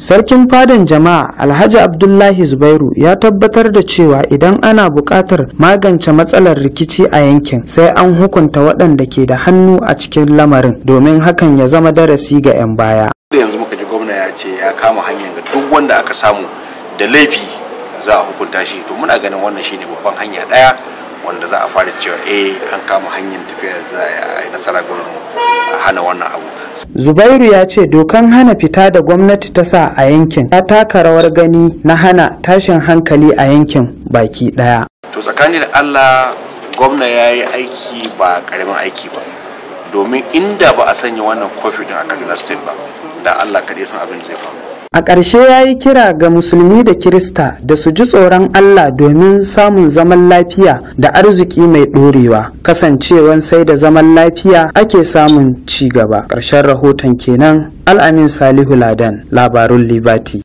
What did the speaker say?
sarkin fadan jama'a alhaji abdullahi zubairu ya tabbatar da cewa idan ana buƙatar magance matsalar rikici a yankin sai an hukunta waɗanda ke da hannu a cikin lamarin domin hakan ya zama darasi ga 'yan baya yanzu muka ji gwamna ya ce ya kama hanyar ga duk wanda aka samu da laifi za a hukunta shi to muna ganin wannan shine babban hanya daya wanda za a fara cewa eh an kama hanyar tafiyar da za a yi nasara gwamnati hana wannan abu zubairu ya ce dokan hana fita da gwamnati ta sa a yankin ta taka rawar gani na hana tashin hankali a yankin baki daya to tsakanin allah gwamna ya yi aiki ba karamin aiki ba domin inda ba a sanya wannan kofi din a kaduna state ba da allah kaɗai san abin zai faru A ƙarshe ya yi kira ga musulmi da Kirista da su ji tsoron Allah domin samun zaman lafiya da arziki mai ɗorewa, kasancewan sai da zaman lafiya ake samun ci gaba. Ƙarshen rahoton kenan Al'amin Salihu Ladan, labarun Libati.